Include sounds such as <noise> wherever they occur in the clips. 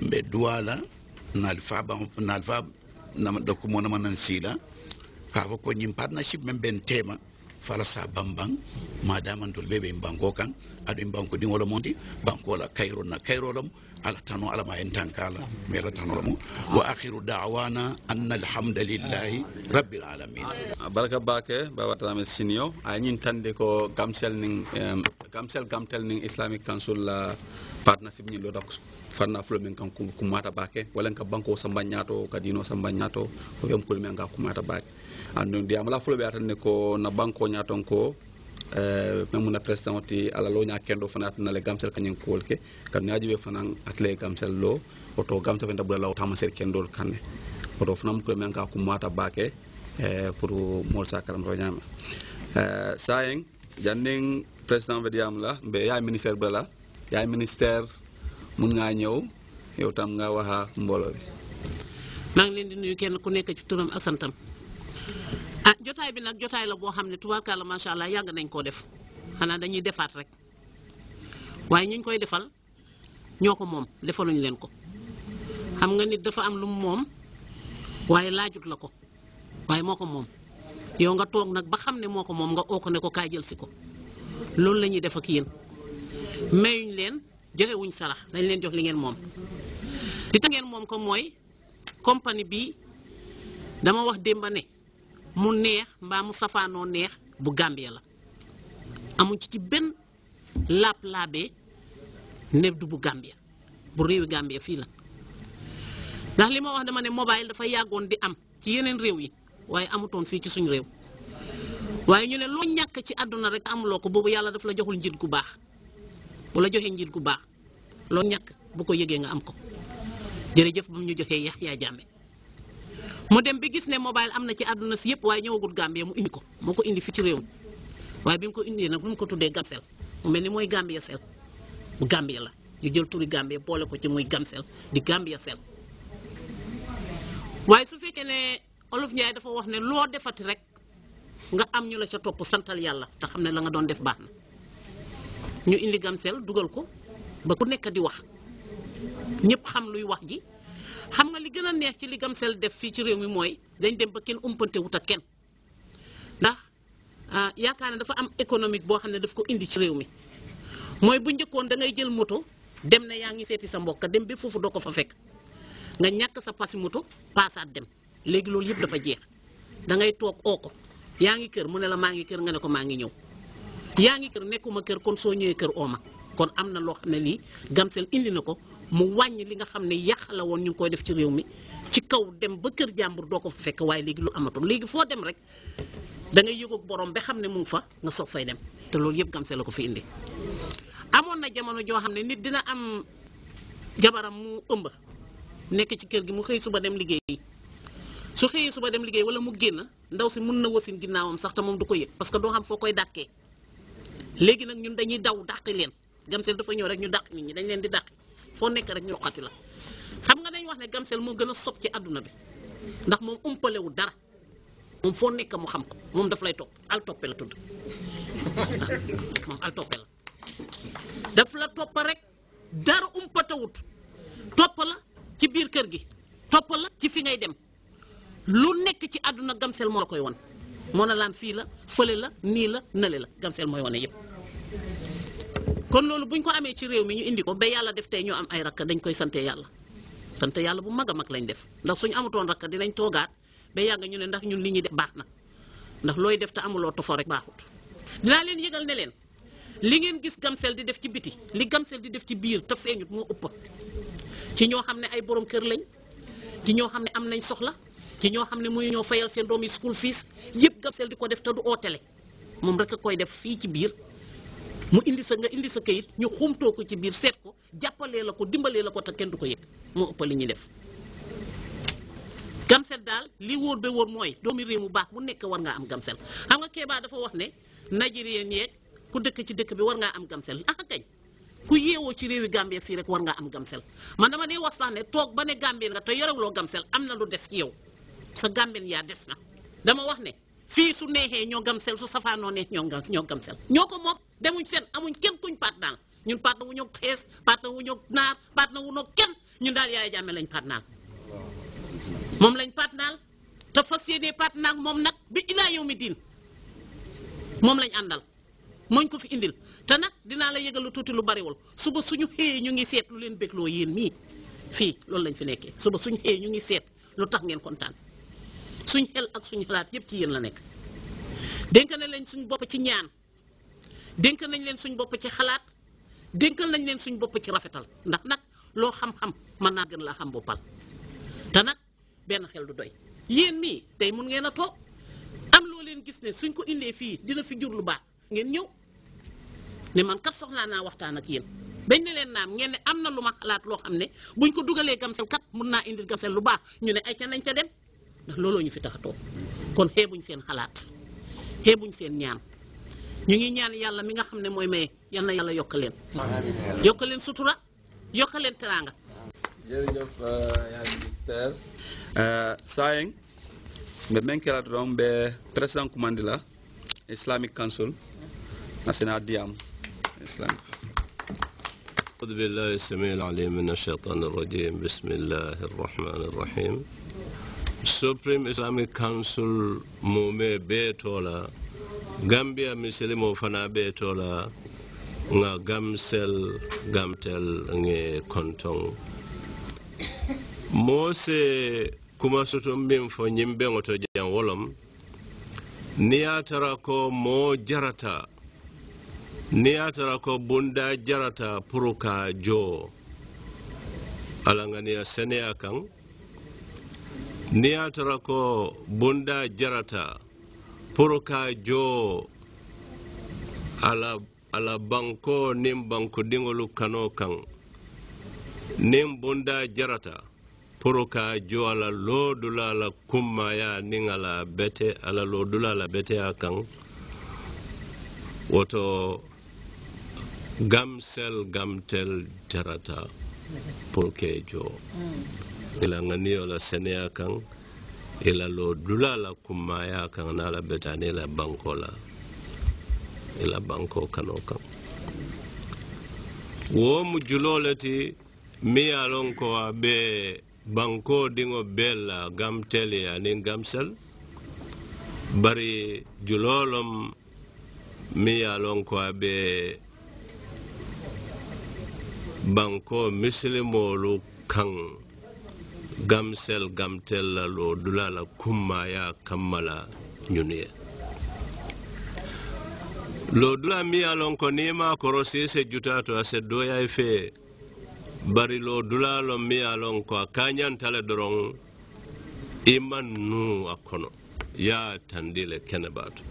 mbe duwala nalfaba nalfab dokumo nama nan sila kafo ko ñim partnership men ben tema fala sa bambang madaman dol bebe banko kan adu banko din wala monti banko la kayro na kayro lam ala tanu ala ma en tankala me ala tanu lam wa akhiru da'wana anna alhamdulillahi rabbil alamin baraka bake baba tamel sinio a ñin tande ko gamsel ning gamsel gamtel ning islamic council la partnership ñin lota fanna fulo men kan kumata bake wala ka banko samba ñato ka dino samba ñato ko yom kul men ka kumata bake andon di amala fulo be atane ko na banko ñaton ko euh memu na president ti ala lo nya kendo fana na le gamsel kanyen kolke kan nyaji be fana atle gamsel lo oto gamsel fenda bula law tamasel kendol kanne oto fana mu kul men ka kumata bake eh pour mol sakaram ro ñama euh sayen janding president be diam la be ya ministère bula yaay ministére mun ngaa ñëw yow tam nga waxa mbolo bi maa ngi leen di nuyu kenn ku nekk ci turam ak santam ah jotaay bi nag jotaay la boo xam ne tubaarkaala macha allah yàgg nañ koo def xanaa dañuy defaat rek waaye ñu ñ koy defal ñoo ko moom defaluñ leen ko xam nga nit dafa am lu mu moom waaye laajut la ko waaye moo ko moom yow nga toog nag ba xam ne moo ko moom nga oo ko ne ko kaay jël si ko loolu la ñuy def ak yéen mayuñ leen jëlewuñ sarax dañ leen jox li ngeen moom li tax ngeen moom ko mooy compagnie bi dama wax démbane mu neex mbaa mu safaanoo neex bu Gambia la amuñ ci ci benn laab-laabee ne du bu Gambia bu réewi Gambia fii la ndax li ma wax dama ne mobile dafa yàggoon di am ci yeneen réew yi waaye amutoon fii ci suñu réew waaye ñu ne loo ñàkk ci àdduna rek amuloo ko boobu yàlla daf la joxul njit gu baax bu la joxee njiit gu baax loo ñàkk bu ko yëgee nga am ko jërëjëf ba mu ñu joxee Yaxya Jammeh mu dem bi gis ne mobile am na ci àdduna si yëpp waaye ñëwagul Gambie mu indi ko moo ko indi fi ci réew mi waaye bi mu ko indee nag bu mu ko tuddee Gamcel mu mel ni mooy Gambia sel bu Gambia la ñu jël turi Gambie boole ko ci muy Gamcel di Gambia sel waaye su fekkee ne Olof Njaay dafa wax ne loo defati rek nga am ñu la ca topp santal yàlla te xam ne la nga doon def baax na. ñu indi sel dugal ko ba ku nekk di wax ñëpp xam luy wax ji xam nga li gën a neex ci li gamsel def fii ci réew mi mooy dañ dem ba kenn umpante wut ak kenn ndax ah, yaakaar dafa am économique boo xam daf ko indi ci réew mi mooy bu njëkkoon da ngay jël moto dem na yaa ngi seeti sa mbokk dem ba foofu doo ko fa fekk nga ñàkk sa moto paasaat dem léegi loolu yëpp dafa jeex da ngay ker oo ko yaa kër mu ne la kër nga ne ko ñëw yaa ngi kër nekkuma kër kon soo ñëwee kër ooma kon am na loo xam ne lii Gamcel indi na ko mu wàññi li nga xam ne yàq woon ñu ngi koy def ci réew mi ci kaw dem ba kër jàmbur doo ko fa fekk waaye léegi lu amatul léegi foo dem rek da ngay borom ba xam ne mu fa nga soog fay dem te loolu yëpp Gamcel la ko fi indi. amoon na jamono joo xam ne nit dina am jabaram mu ëmb nekk ci kër gi mu xëy suba dem liggéey su xëyee suba dem liggéey wala mu génn ndaw si mun na wasin ginnaawam sax te moom ko yëg que doo xam koy dàkkee. léegi nak ñun dañuy daw dakk leen gamsel dafa ñew rek ñu dakk nit ñi dañ leen di dakk fo nek rek ñu xati la xam nga dañ wax ne gamsel moo gën a sob ci aduna bi ndax moom umpalewu dara mom fo nek mu xam ko mom daf lay top al topel la tudd <laughs> mom al toppe la daf la top rek dara wut top la ci biir kër gi top la ci fi ngay dem lu nek ci àdduna gamsel mo la koy won mo na lan fi la fele la ni la nale la gamsel moy woné yépp kon loolu buñ ko amee ci réew mi ñu indi ko ba yàlla def tey ñoo am ay rakk dañ koy sante yàlla sant yàlla bu mag a mag lañ def ndax suñu amutoon rakk dinañ toogaat ba yàgg ñu ne ndax ñun li ñuy def baax na ndax looy def te amuloo tofo rek baaxut dinaa leen yëgal ne leen li ngeen gis Gamcel di def ci biti li Gamcel di def ci biir te feeñut moo ëpp ci ñoo xam ne ay borom kër lañ ci ñoo xam ne am nañ soxla ci ñoo xam ne muy ñoo fayal seen doom yi school fees yëpp Gamcel di ko def te du ootele moom rek a def fii ci biir mu indi sa nga indi sa kayit ñu xumtoo ko ci biir seet ko jàppalee la ko dimbalee la ko te kenn du ko yëg moo ëpp li ñuy def gamsel daal li wóor ba wóor mooy doomi réew mu baax bu nekk war ngaa am gamsel xam nga Kéba dafa wax ne Nigérien yeeg ku dëkk ci dëkk bi war ngaa am gamsel ah kañ ku yeewoo ci réewi Gambie fii rek war ngaa am gamsel man dama dee wax sax ne toog ba ne Gambien nga te yorewuloo gamsel am na lu des ci yow sa Gambien yaa des na dama wax ne fii su neexee ñoo gamsel su safaanoo neex ñoo gamsel ñoo ko moom demuñ fenn amuñ kenn kuñ partenaire ñun na wu ñoo xees partenaire wu ñoo naar na wu ñoo kenn ñun daal yaay jàmme lañ partenaire moom lañ partenaire te fas yéenee partenaire moom nag bi ilaa yow mi diin moom lañ àndal mooñ ko fi indil te nag dinaa la yëgal lu tuuti lu bariwul suba suñu xëyee ñu ngi seet lu leen bégloo yéen nii fii loolu lañ fi nekkee suba suñu xëyee ñu ngi seet lu tax ngeen kontaan suñ xel ak suñu xalaat yépp ci yéen la nekk dénk na lañ suñu bopp ci ñaan denk nañ len suñ bop ci xalaat dénkal nañ len suñ bop ci rafetal ndax nak loham xam-xam man na gën la xam bopal Yen nak ben xel du doy yeen mi tay mun ngeena a am lo len gis ne suñ ko indé fi dina fi jur lu baax ngeen ñew ne man kat soxlaa na waxtaan ak yeen bañ ne len naam ngeen ne am na lu ma xalaat lo xamne ne buñ ko gam sel kat mun indi gam sel lu ba ñu ne ay ca nañ ca dem ndax lolo ñu fi taxato kon hebuñ seen xalaat hebuñ seen ñaan ñu ngi ñaan yàlla mi nga xam ne mooy maye yal na yàlla yokk leen yokk leen sutura yokk leen teraanga jërëjëf yaa ministère sayeng mbe menkelat rom be président commandila islamic council national diam islamic أعوذ بالله السميع العليم من الشيطان الرجيم بسم الله الرحمن الرحيم Supreme Islamic Council مومي بيتولا gambia misilimo fana be la nga gamsel gamtel nge kontong mose kuma soto min fo ñimbeŋo to jan wolom ni ye tara ko moo jarata ni ye tara ko bunda jarata puruka ka joo ala ŋaniya seneya kaŋ ni ye tara ko bunda jarata pour ka jo ala ala banko nin bankodiŋolu kano kaŋ nin bonda jarata pour ka jo ala loodula la kummaya niŋ ningala bete ala lodula la beteya kaŋ woto gamsel gamtel jarata pour ke jo mm. ila nganiola la i la loo dulaa la kunmaayaa kaŋ na la bete i la banko la i la bankoo kano kaŋ wo mu juloo le ti miŋ ye a loŋ ko a be bankoo diŋo bee la gamteli aniŋ gamsel bari juloo lom miŋ ye a loŋ ko a be bankoo misilimoolu kaŋ gamsel gamtel la lo dula la kummaya kammala ñun ye lo dula mi ye lon ko ni ma korosi se juta to a se doya fe bari lo dula lo mi ye lon ko a kañanta le doron i nu a kono ya tandi le kenebato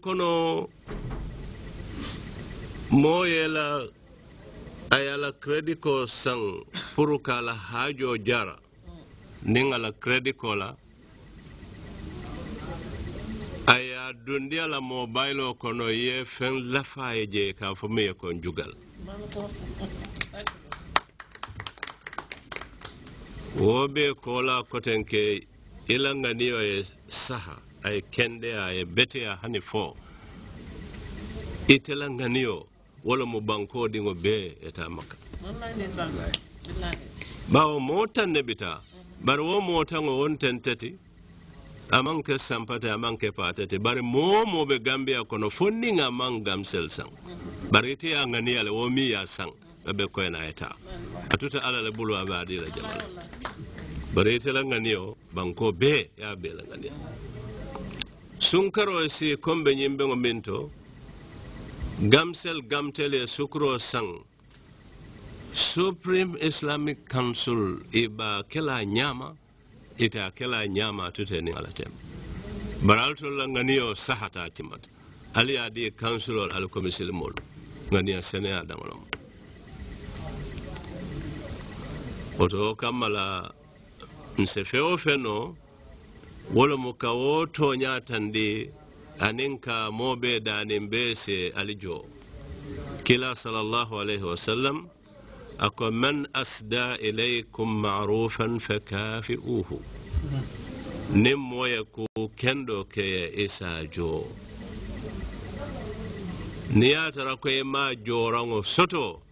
kono moo ye la ayala credit ko sang puru kala hajo jara ningala credit ko la aya dundiya la mobile kono ye fen lafa ye je ka fo me ko jugal wo be kola koten ke ilanganiyo ye saha ay kende ay bete hani fo itela nganiyo wala mo banko dingo be eta maka bawo mota nebita bari wo mota ngo on tentati amanke sampata amanke patete bari mo mo be gambia kono fonni nga man gamsel sang bar te angani ale wo mi ya sang be ko na eta atuta ala le bulu abadi la jamal bar ite la ngani o banko be ya be la ngani sunkaro si kombe nyimbe ngo minto Gamsel Gamtele Sukro Sang Supreme Islamic Council iba kela nyama ita kela nyama tuteni alatem baralto langaniyo sahata timat ali adi councilor al komisil mol ngania sene adamolom oto kammala nse feo feno wolo mukawo toñatandi anin ka mobe da anin be se alijo kila sallallahu wa wasallam ako man asda ilaykum ma'rufan fakafi'uhu nin moye ko kendo ke isa jo ni ya tara ko ma jorango soto